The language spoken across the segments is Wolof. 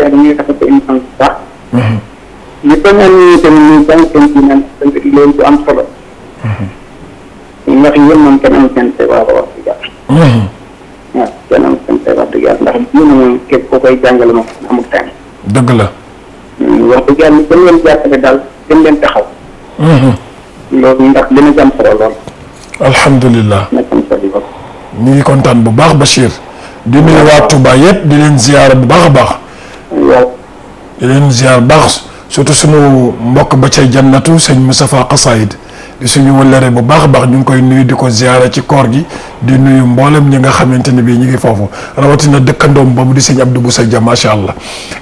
tey dañuy rafetlu émission bi bu baax. ñu tooñoon mhm. ñu tamit ñu bañ seen ci naan sant leen bu am solo. Mhm. ndax yéen moom kenn am seen feebar wax dëgg yàlla. Mhm. waaw kenn am seen feebar wax dëgg yàlla ndax diine moom képp koo koy jàngale moom amul tànn. dëgg la. Hmm, wax dëgg yàlla gën leen jàppale daal gën leen taxaw. loolu ndax dina jàmm solo lool. alhamdulilah. ñu ngi kontaan bu baax Bachir. di nuyu waa Touba yëpp di leen ziyaara bu baax a baax. waaw. di leen ziar baax surtout sunu mbokk ba cay jannatu sëñ Moustapha Xasaayid di suñu wëllëre bu baax a baax ñu ngi koy nuyu di ko ziara ci koor gi di nuyu mboolem ñi nga xamante ne bii ñu ngi foofu rawatina dëkkandoom boobu di sëñ Abdou sa Dia macha allah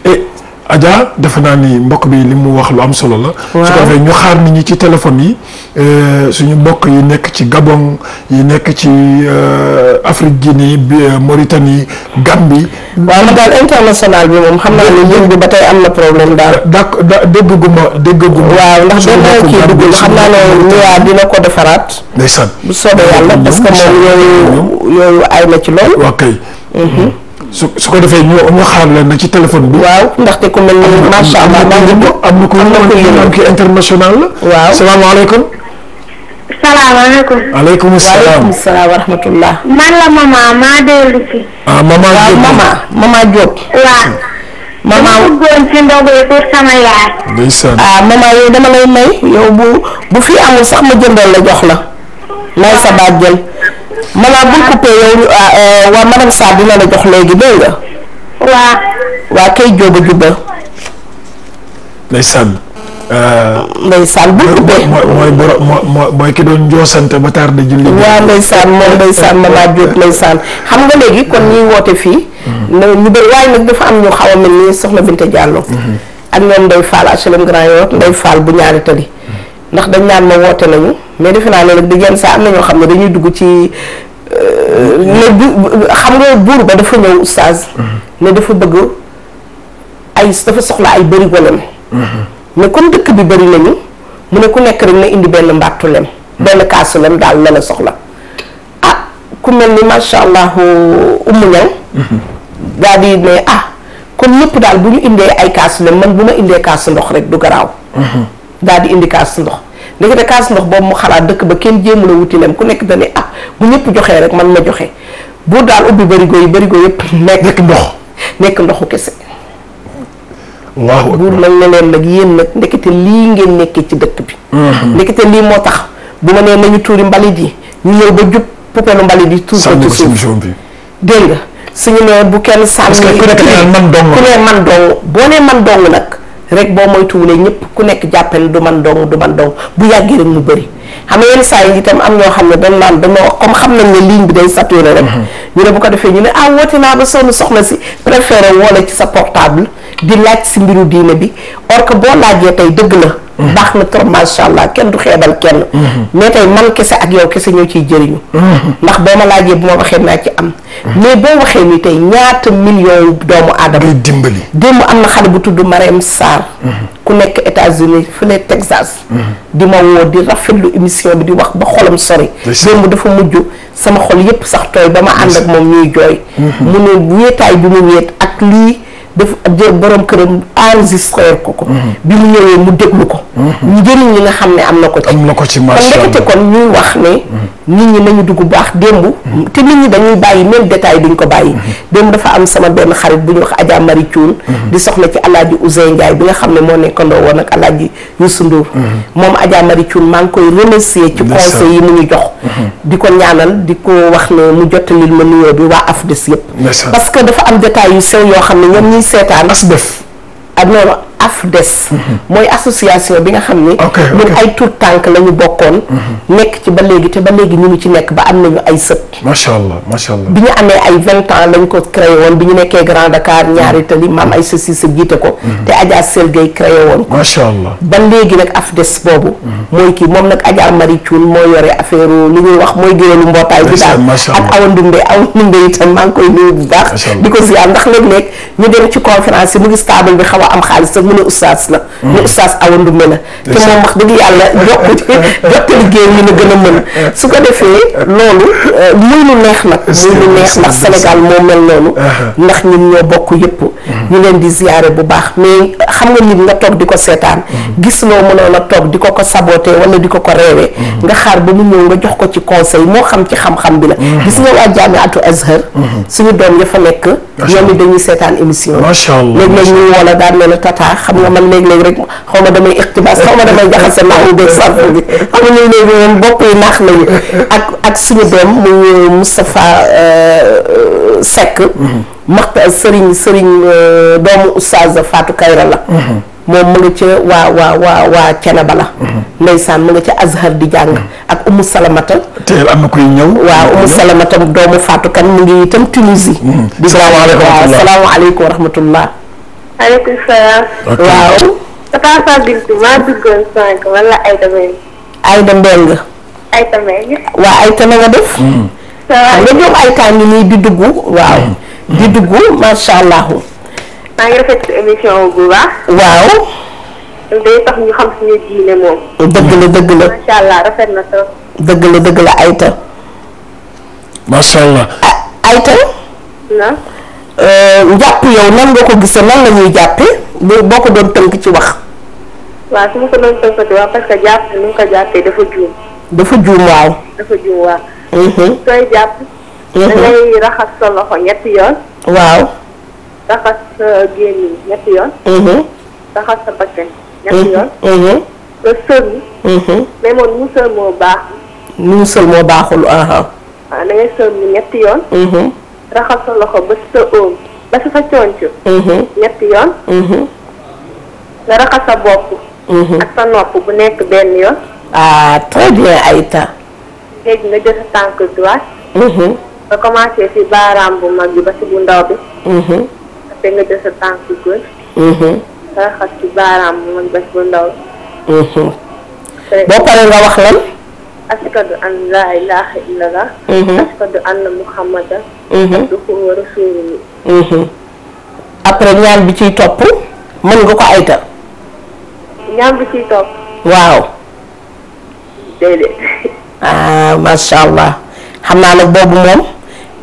eh, Adja defe naa ni mbokk bi li mu wax lu am solo la. waaw su ko ñu xaar nit ñi ci téléphone yi euh, suñu mbokk yi nekk ci Gabon yi nekk ci euh, Afrique Guinée bi euh, Mauritanie Gambie. waaw ma daal international bi moom xam naa ne yëngu ba tey am na problème daal. da dégguma dégguma. waaw ndax benn kii dugg xam naa ne waa dina ko defaraat. ndeysaan bu soobee yàlla parce moom yooyu yooyu ay na ci lool. waaw kay. Mhm. su su ko defee ñu ñu leen ci téléphone bi. waaw ndaxte ku allah am na am ki international la. waaw salaamaaleykum. salaamaaleykum. waaleykum salaam wa rahmatullah. dellu si. ah mama Diop waaw mama mama Diop. waaw. mama ma bëggoon ci sama yaay. ndeysaan ah mama yooyu dama lay may yow bu fi amul sax ma jëndal la jox la may sa baat maanaam bu ñu coupé yow ah, eh, waa madame Sarr dina la jox léegi dégg nga. waaw. waa kay jóoba jubba. ndeysaan. Eh, ndeysaan bu ñu coupé. mooy mooy mooy ki doon njoosante ba tardé julli. waaw ndeysaan moom ndeysaan maman xam nga léegi kon ñuy woote fii. Mm-hmm. ñu bëri waaye nag dafa am ñu xaw a mel ni soxna Binta Diallo. Mm-hmm. ak ñoom Ndeye Fall HLM Grand Yoff Ndeye Fall bu ñaari tali. Mm-hmm. ndax dañ naan ma woote nañu. mais defe naa loolu di yenn saa am na ñoo xam ne dañuy dugg ci euh, ne xam nga buur ba dafa ñëw oustaz. Mm-hmm. ne dafa bëgg ay dafa soxla ay bëri golem. mais mm-hmm. comme dëkk bi bëri nañu mu ne ku nekk rek na indi benn mbàttu lem. Mm-hmm. benn kaasu lem daal la la soxla. ah ku mel ni macha allah umu ñaŋ. daal di ne ah kon ñëpp daal bu ñu indee ay kaasu lem man bu ma indee kaasu ndox rek du garaaw. daal di indi kaasu ndox. ndekete kaas ndox boobu mu xalaat dëkk ba kenn jéemu la wuti lem ku nekk dane ah bu ñëpp joxee rek man ma joxe buur daal ubbi barigo yi barigo yëpp nekk ndox nekk ndoxu kese waaw buur nag leen nag yéen nag ndekete lii ngeen nekkee ci dëkk bi mhm. ndekete lii moo tax bu ma nee nañu tuuri mbalit yi ñu ñëw ba jub poubelle mbalit yi tuur ko ci suuf dégg nga suñu nee bu ne man dong boo nee man dong nag rek boo moytuwulee ñëpp ku nekk jàppale du man dong du man dong bu yàggee rek mu bëri xam nga yenn saa yi itam am ñoo xam ne dañ naan dañoo comme xam na ne ligne bi day saturé rek. Mhm. ñu ne bu ko defee ñu ne ah woote naa ba sonn soxna si préféré woo la ci sa portable di laaj si mbiru diine bi or que boo laajee tey dëgg la. baax na trop macha allah kenn du xeebal kenn. mais tey man kese ak yow kese ñoo ciy jëriñu. ndax boo ma laajee bu ma waxee naa ci am. mais boo waxee ni tey ñaata million doomu aadama. ngay dimbali démb am na xale bu tudd Marème Sarr. ku nekk États-Unis fële Texas. di ma woo di rafetlu émission bi di wax ba xolam sori. démb dafa mujj sama xol yépp sax tooy ba ma ànd ak moom ñuy jooy. mu ne wéetaay bi mu ak lii daf borom këram enregistré ko ko. bi mu ñëwee njëriñ li nga xam ne am na ko ci. am na ko ci macha allah kon ndekete kon ñuy wax ne. nit ñi nañu baax démb. te nit ñi dañuy bàyyi même détail duñ ko bàyyi. démb dafa am sama benn xarit bu ñuy wax Adja Marie Thioune. di soxla ci El Hadj Ousseyn Ndiaye bi nga xam ne moo nekkandoo woon ak El Hadj Youssou Ndour. moom Adja Marie Thioune maa ngi koy remercier ci conseil yi mu ñu jox. di ko ñaanal di ko wax ne mu jottalil ma nuyoo bi waa AFDES yëpp. parce que dafa am détail yu sew yoo xam ne ñoom ñuy seetaan. as def ak ah, noonu. AFDES mhm. mooy association bi nga xam ni ñun ay tout tànk la ñu bokkoon mhm. nekk ci ba léegi te ba léegi ñu ngi ci nekk ba am nañu ay sët macha bi ñu amee ay vingt ans lañ ko créé woon bi ñu nekkee Grand Dakar mhm. ñaari tali maam ay sësi sa jiite ko te Adja Sel Gueye créé woon ko ba léegi nag AFDES boobu mooy kii moom nag Adja Marie Thioune moo yore affaire li ñuy wax mooy géwélu mbootaay bi daal ak Awa Ndumbe Awa Ndumbe itam maa ngi koy nuyu bu baax di ko ziar mu ne oustaz la ne mm. oustaz Awa Ndumbe la te moom wax dëgg yàlla jokk jokk liggéey yi la gën a mën su ko defee loolu euh, muy lu neex nag muy lu neex ndax Sénégal moo mel noonu uh-huh. ndax ñun ñoo bokk yëpp mm-hmm. ñu leen di ziyaare bu baax mais xam nga nit nga toog di ko seetaan mm-hmm. gis loo mënoon a toog di ko ko saboté wala di ko ko reewee mm-hmm. nga xaar ba mu ñëw nga jox ko ci conseil moo xam ci xam-xam bi la gis nga waa jaamiatu Azhar suñu doom ya nekk ñoom dañuy seetaan émission macha allah léeg-léeg ñu wala daan ne la xam nga man léeg-léeg rek xaw ma damay iqtibaas xaw ma damay jaxase naaw beeg sarf bi xam nga ñun léegi moom bopp naax nañu ak ak suñu doom muy euh, Moustapha euh, Seck maxta sëriñ sëriñ doomu oustaz Fatou Kayra la mm-hmm. moom mu nga ci waa waa waa waa Ceneba la. Mhm. ndeysaan mu nga ca Azhar di jàng. Mhm. ak Umu Salamata. teel am na kuy ñëw. waaw Umu Salamata doomu Fatou mu ngi itam Tunisie. di mhm. salaamaaleykum wa waa Aïda na nga def. nga ñoom Aïda ngi nii di dugg. waaw di dugg macha allah. maa ngi rafetlu émission bu baax. waaw. day tax ñu xam suñu diine moom. dëgg la dëgg la rafet na dëgg la dëgg la Aïta. macha allah. Aïta. na. Euh, njàpp yow nan nga ko gisee nan la ñuy jàppee boo ko doon tënk ci wax. waaw su ma ko doon tënk ci wax parce que jàpp ni mu ko jàppee dafa juum. dafa juum waaw. dafa juum waaw. Mhm. sooy jàpp. Mhm. da raxas sa loxo ñetti yoon. waaw. raxas sa euh, gémmiñ ñetti yoon. raxas mhm. sa bakkan ñetti mhm. yoon. nga mhm. sëlmu. mais moom muusal moo baax. muusal moo baaxul aha. waaw da ngay ñetti yoon. raxas sa loxo ba sa oom ba sa conc. ñetti yoon. raxas sa bopp. ak sa nopp bu nekk benn yoon. ah très bien Aïta. léegi nga jël sa tànk droite. nga commencé baaraam bu mag bi ba ci bu bi. te nga jël sa tànk gën. raxas ci baaraam bu boo paree nga wax lan. après ñaan bi ciy topp mën nga ko aytal. ñaan bi ciy topp. waaw. déedéet. allah xam naa nag boobu moom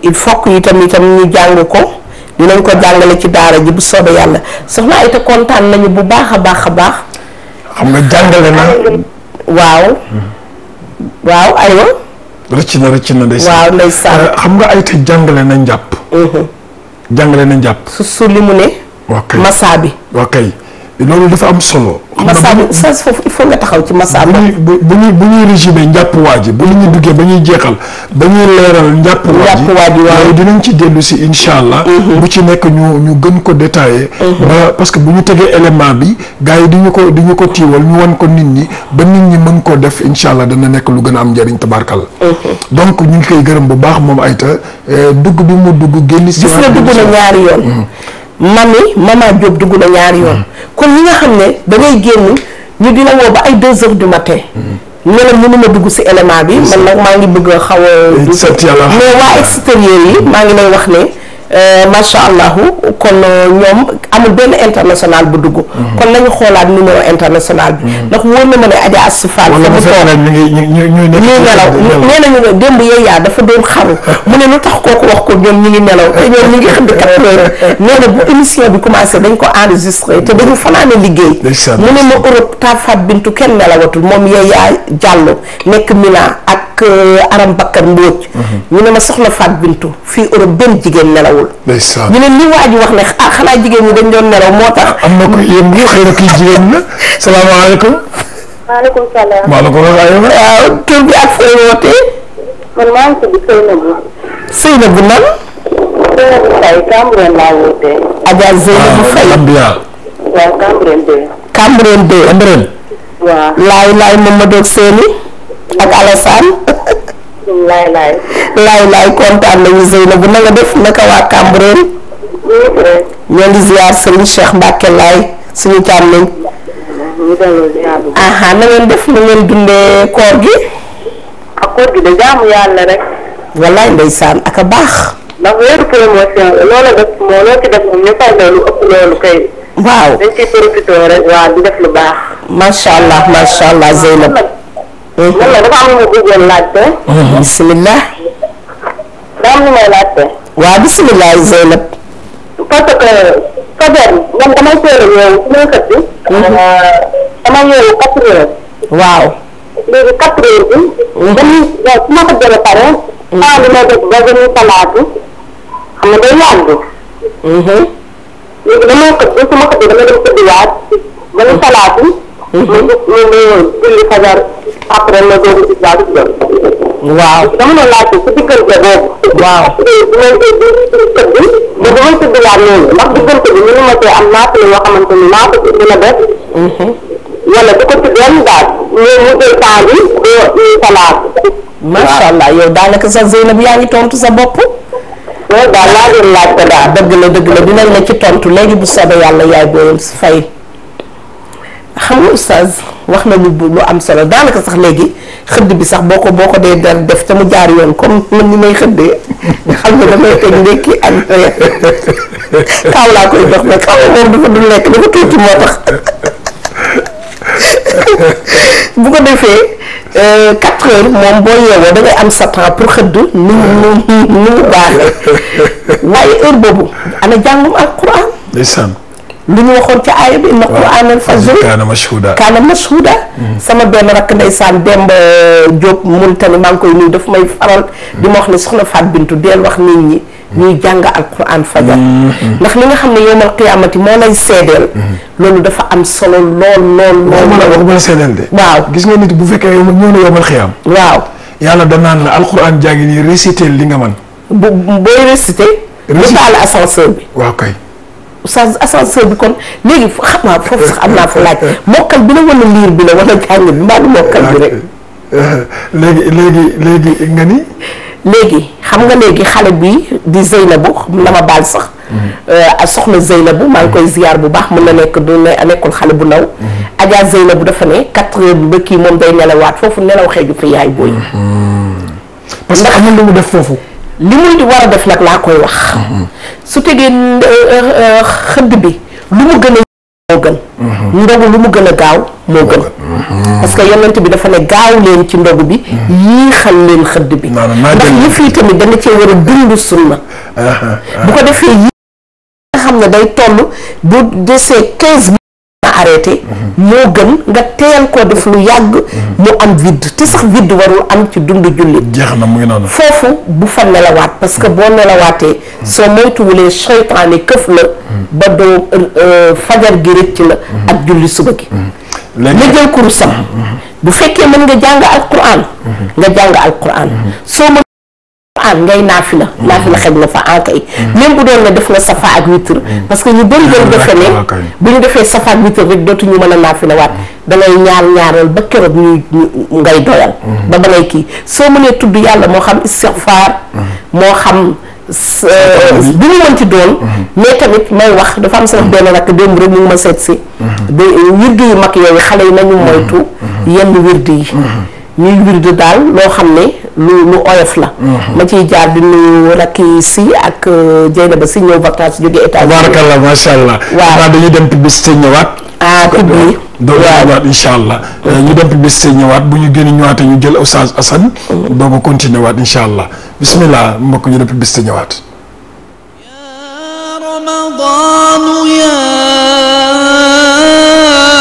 il faut itam itam ñu jàng ko. dinañ ko jàngale ci daara ji bu soobee yàlla soxna Aïta kontaan nañu bu baax a baax a baax. xam nga jàngale na. waaw. waaw aywa. rëcc na rëcc na ndeysaan waaw euh, xam nga Aïta jàngale na njàpp. Mhm. jàngale na njàpp. su su li mu ne. masaa bi. waa kay loolu dafa am solo. Massa Massa foofu il faut nga taxaw ci Massa. bu ñuy bu ñuy bu ñuy régime njàpp waa ji bu ñu duggee ba ñuy jeexal ba ñuy leeral. njàpp waa ji dinañ ci dellu si incha allah. Mhm. bu ci nekk ñu ñu gën ko détaillé. Mhm. ba que bu ñu tegee élément bi gars yi di ñu ko di ñu ko tiiwal ñu wan ko nit ñi ba nit ñi mën koo def incha allah dana nekk lu gën a am njariñ tabarkal. Mhm. donc ñu ngi koy gërëm bu baax moom ayta eh, dugg bi mu dugg génn. si waat gis dugg na ñaari yoon. mami maman Diop dugg na ñaari yoon. kon ñi nga xam ne da ngay génn ñu dina woo ba ay deux heures du matin. ñu ne mënuma dugg si élément bi. man nag maa ngi bëgg a xaw a. sant yàlla mais extérieur yi maa ngi lay wax ne. Euh, macha allah kon euh, ñoom amul benn international bu dugg. Mhm. kon nañu xoolaat numéro international bi. Mhm. ndax wóor na ma ne Adja Astou fa wala mu ngi ñu ñu nee nañu ne démb dafa doon xaru mu ne tax kooku wax ko ñoom ñu ngi nelaw te ñoom ñu ngi xëdd quatre heures bu émission bi commencé dañ ko enregistré te dañu fanaane liggéey. mu ne ma Europe Tafat Bintu kenn nelawatul moom yooyu yaa jàll nekk Milan ak. ak euh, Aram Bakkar Mbodj mhm. ñu ne ma soxna Faat Bintu fii Europe benn jigéen nelawul ñu ne li waa wax ne ah xanaa jigéen ñi dañ doon nelaw moo tax am na ko yéen ñu fooy wootee man maa ngi tudd Seynabou Seynabou nan Seynabou Faye Cambérène laa wootee Adja de ah, Cambérène de Cambérène waaw laay laay Mamadou Seyni ak Alassane laay laay. kontaan nañu Zeynabu na def naka waa Cambérène. ñoo ngi ziar sëñ Cheikh def na dundee koor gi. ak ah, koor gi de jaamu yàlla rek. wallaay ndeysaan ak a baax. ndax weeru promotion loola def moo loo ci def moom ñu fay la ëpp loolu kay. waaw dañ rek waaw di def lu baax. macha allah macha allah Zeynab. man la dafa am lu bëggoon laajte. Hmm, bisimilah. daa am lu may laajte. waaw bisimilah Zeynab. parce que fajar man damay teel a yeewu su may xëcc. damay yeewu quatre heures. waaw. léegi quatre heures bi. dañuy hmm. su ma ko jëlee pare. temps hmm. bi may def ba dañuy salaatu. xam nga day yàgg. léegi damay xëcc su ma xëccee damay dem tëddiwaat. ba ñu salaatu. mu mu mu julli fajar. après ma doog a gis daal di jëm. waaw dama la laajte si diggante boobu. waaw si diggante bi kër gi. te dama tudd laa noonu ndax diggante bi mënu ma see am naafila yoo xamante ni naa ko dina def. wala du ko tudd yan daal. ñoom ñu jël temps bi ba salaat. macha allah yow daanaka sa Zeynab yaa ngi tontu sa bopp. loolu daal laa doon laajte daal. dëgg la dëgg la dinañ la ci tontu léegi bu soobee yàlla yaay booyal fay. xam nga oustaz wax na nañu bu lu am solo daanaka sax léegi xëdd bi sax boo ko boo ko dee daan def ca mu jaar yoon comme man ni may xëddee nga xam ne damay teg ndékki ak kaaw laa koy dox mais kaaw moom dafa du lekk dafa tuuti moo tax bu ko defee euh, quatre heures moom boo yeewoo da am sa temps pour xëdd nu nu nu mu baaxee waaye heure boobu ana jàngum alquran ndeysaan lu ñu waxoon ci aaya bi inna qur'aanal fajri kaana mashhuuda kaana mashhuuda mm-hmm. sama benn rakk ndeysaan Demba eh, Diop Mauritanie maa ngi koy nuyu daf may faral mm-hmm. di ma wax ne soxna Faat Bintu deel wax nit ñi mm-hmm. ñuy jàng alquran fajar ndax li nga xam ne yowmal qiyaamati moo lay seedeel loolu dafa am solo lool lool lool waxuma la seedeel de waaw gis nga nit bu fekkee yow ñoo ne yowmal xiyaam waaw yàlla danaan la alquran jàngi nii récité li nga man bu booy récité lu taal ascenseur bi oustaz ascenseur bi kon léegi xam naa foofu sax am naa fa laaj mokkal bi la wala liir bi la wala jàng bi mbaa du mokkal bi léegi léegi léegi nga ni. léegi xam nga léegi xale bi di Zeynabu la ma baal sax. Mhm. Euh, soxna maa ngi koy ziyaar bu baax mën na nekk du ne nekkul xale bu ndaw. Mhm. Adja bu dafa ne quatre heures bi ba kii moom day nelawaat foofu nelaw xeeju fi yaay booy. Mhm. parce am amul lu mu def foofu. li muy war a def nag laa koy wax su tegee euh, euh, xëdd bi lu mu gën a moo gën ndogu lu mu gën a gaaw moo gën parce que yonent bi dafa ne gaaw leen ci ndogu bi yéexal leen xëdd bi ndax yëf yi tamit danga cee war a dund sunna ah, ah, ah. bu ko defee yi nga xam ne day toll bu desee quinze arrêté moo gën nga teel ko def lu yàgg mu am vide te sax vide warul am ci dund jullit jeex na mu noonu foofu bu fa nelawaat parce que boo nelawaatee soo moytuwulee seytaane këf la ba doo euh, fajar gi rëcc la ak julli suba gi nga jël kurusam bu fekkee mën nga jàng alquran nga jàng alquran soo Mm-hmm. ah ngay naafila la xej na fa ankay même bu doon ne def nga safa ak witr mm-hmm. parce que ñu bëri doon ah, defe ne bu ñu defee safa ak witr rek dootu ñu mën a naafila waat mm-hmm. da ngay ñaar ñaaral ba keroog ñuy ngay doyal ba ba ngay kii soo mënee tudd yàlla moo xam istighfar moo xam bi euh, mu mënti doon mais tamit may wax dafa am sama benn rakk démb rek mu ngi ma seet si euh, wirdi yu mag yooyu xale yi nañu moytu yenn wirdi yi ñuy wirdu daal loo xam ne lu lu oyof la. Mhm. ma ciy jaar di nuyu rakki si ak euh, Dieynaba si ñëw vacances jóge état. tabarakallah macha allah. waaw dañuy dem publicité ñëwaat. ah pub bi doo ñëwaat allah euh, ñu dem publicité ñëwaat bu ñu gën a ñu jël Oustaz Assane. Mhm. doo ko continuer waat incha allah bismillah mbokk ñu dem publicité ñëwaat. ya Ramadan ya